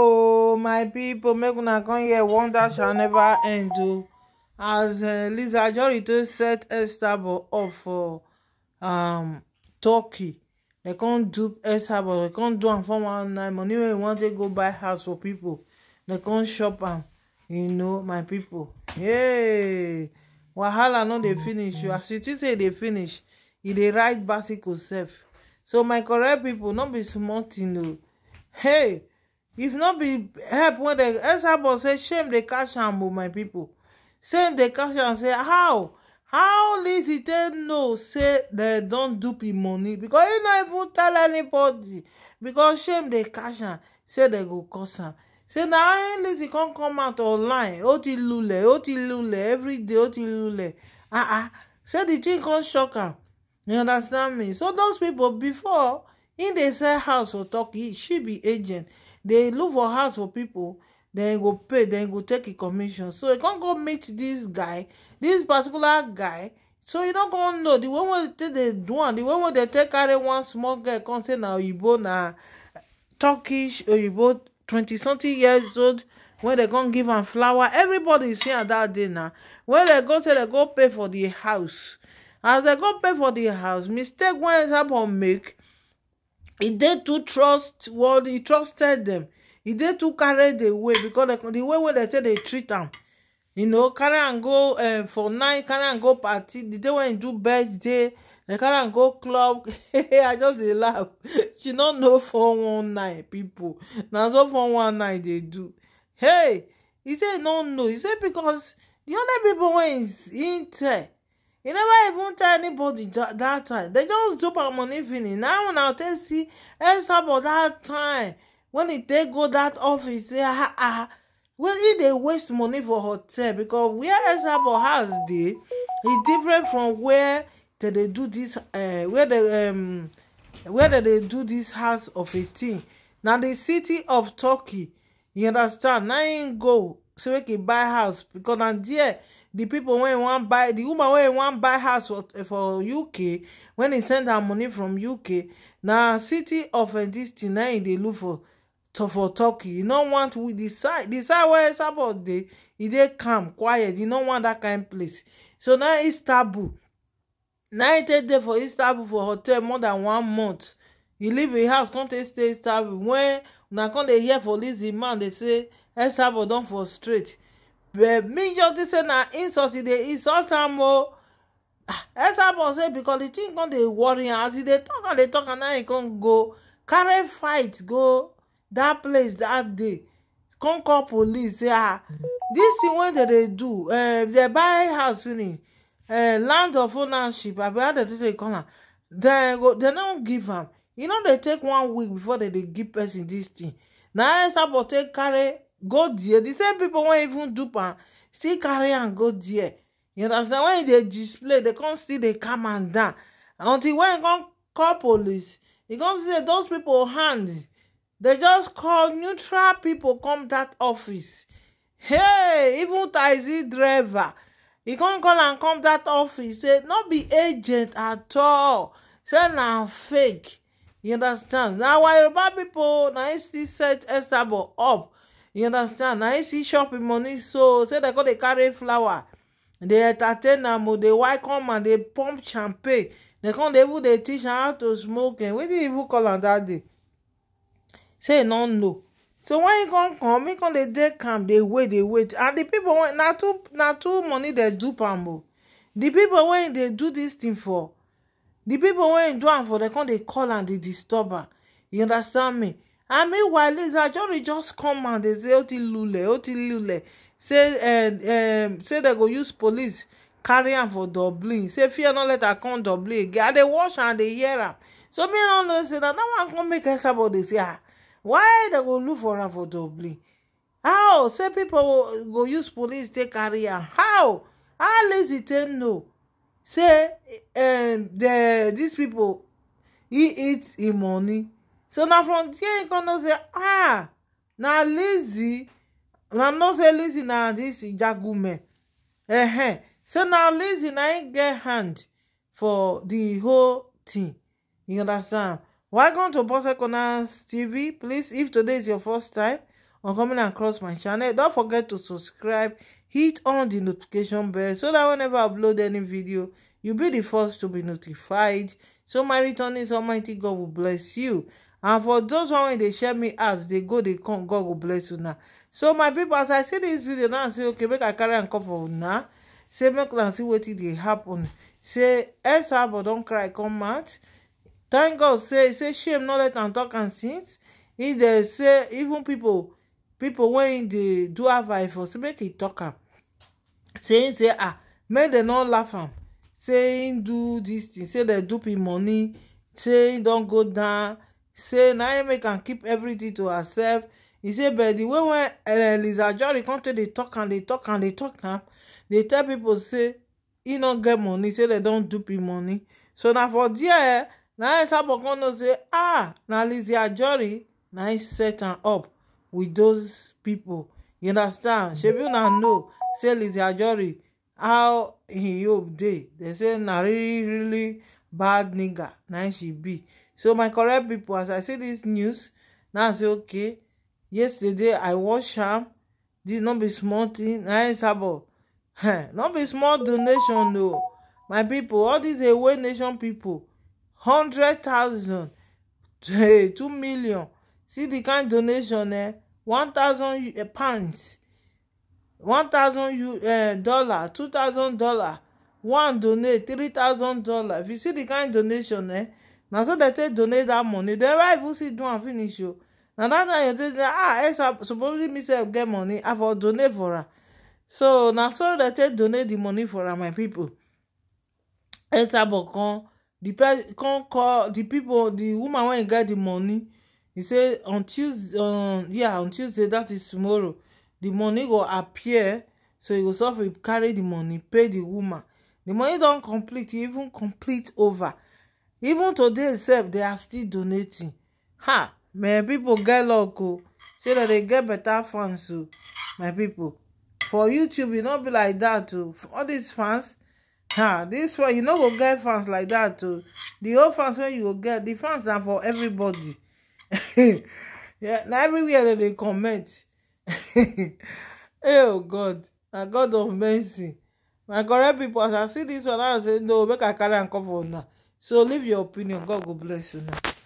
Oh my people, make una come here wonder shall never end o as eh, lisa ajori to set esther up for um turkey dem come dupe esther They can't do am for one night money wey wan take go buy house for people. They can't shop am you know my people. yay wahala no they finish you as you say they e finish e dey ride bicycle sef so my correct people, not be smart. You know, hey if not be help when dem esabon say shame dey catch am o oh, my pipo shame dey catch am say how how lizzie take know say dem don dupe him money because e no even tell anybody because shame dey catch am say dem go curse am say na how lizzie com come out online oti lule oti lule everyday oti lule ah ah say the thing com shock am you understand me so those people before im dey sell house for turkey she be agent dey look for house for people. den go pay den go take a commission so e con go meet dis guy dis particular guy so you don come know the way wey take dey do am the way wey dey take carry one small girl come say na oyibo na turkish oyibo twenty something years old wey dem come give am flower everybody see am that day na wey dem go say dem go pay for the house as dem go pay for the house mistake wey example make e dey too Well, he trusted them. He dey too carry the way because the way wey they take dey treat am you know carry am go eh, for night carry am go party the day when im do birthday they carry am go club i just dey laugh she no know one 419 pipo na so 419 dey do hey he say e no know e say because the only people wey he tell You never even tell anybody that time They just do our money finish Now when I tell see elsabod that time when e take go that office ah, ah ah well e dey waste money for hotel because where wia elsabod house dey is different from where that they do this. uh, wia dem wia dem dey do this house of a thing Now the city of turkey you understand Now you go So we can buy house because and there the people when want buy the woman when want buy house for uk when e send her money from uk now city of this tonight they look for for turkey e don't want with decide decide where support about e they come quiet e don't want dat kain place so na istanbul na e take there for istanbul for hotel more than one month You leave im house come take stay istanbul When now come dey hear for this man they say esabo don frustrate, straight but minyoti say na insult e dey insult am o ah, esabo say because the thing con dey worry am as e dey tok and dey talk and now e con go carry fight go that place that day con call police say ah dis thing wey dem dey do eh, dem buy house finish eh, land of ownership abi how dem dey call am dem no give am e no dey take one week before dem dey give person this thing na esabo take carry go there the same people won't even dupe am still carry and go there you understand wen they display They can't still dey calm am down until when you come call police You come see say those people hand They just call neutral people come that office hey even taxi driver e come call and come that office say not be agent at all say na fake you understand now? why yoruba pipo na im still set esabo up you understand Now, e see shopping money so say dem go dey carry flower dey entertain am oh, they dey come and they pump champagne They come they even dey teach am how to smoke and eh? did you call on that day say no no so wen you come come e come dey dey They wait They wait and di pipo na too na too money they do pambo. Oh. The people when they do this thing for The people when they do am for they come they call and they disturb am you understand me and meanwhile lisa jory just come and dey say oti lule oti lule say um, um say dem go use police carry am for dublin say fear no let her come dublin again i dey watch am dey hear am so me no know say na that one come make esabod dey say ah why dem go look for am for dublin how say people go use police take carry am how how lazy take know say um, the, these people he eat im money so now, from there e come know say ah now lazy now know say lazy na dis jagume ehn say na lazy now im get hand for the whole thing you understand welcome to perfect corners tv please if today is your first time on coming across my channel don't forget to subscribe hit on the notification bell so that whenever i upload any video you'll be the first to be notified so my return is almighty god will bless you and for those one wey dey share me as dey go dey come god go bless una so my pipo as i see dis video now I say okay make i carry am come for una say make una see wetin dey happen say elzabod don cry come out thank god say say shame no let am talk am since e dey say even pipo pipo wey him dey do avai for say make e tok am say him say ah make dem no laugh am say him do dis thing say dem dupe him money say him don go down say naime can keep everything to herself He say but the way when eliza eh, jory come take dey tok am dey tok am dey tok am dey tell people say 'He no get money say they don dupe im money so na for dia na sabo come know say ah na Lizzie Ajori, na im set am up with those people.' you understand shebi una know say Lizzie Ajori, how im hope dey dem say na really really bad nigger, na she be so my correct people, as i see this news now i say okay yesterday i wash am This no be small tin na sabo no be small donation o my people, all dis away nation people, hundred thousand eh, two million see the kind donation eh one thousand eh, pounds one thousand eh, dollar two thousand dollar one donate three thousand dollars if you see the kind donation eh na so dem take donate that money Then why even see do am finish o oh? na that time you think say ah elsa eh, supposedly me sef get money i for donate for am so na so dem take donate the money for am my pipo elsabo come di person come call the pipo di woman wey get the money he say on tuesday on yeah on tuesday that is tomorrow The money go appear so he go suffer carry the money pay the woman the money don't complete e even complete over even today itself, they are still donating ha my people get luck o oh. say dem dey get better fans too. Oh, my people. for youtube e no be like that too. Oh. all these fans ha This one you no go get fans like that too. The old fans wey you go get the fans are for everybody na everywhere that they comment oh god a god of mercy my correct people, as i see this one i say no make i carry and cover now. so leave your opinion god go bless una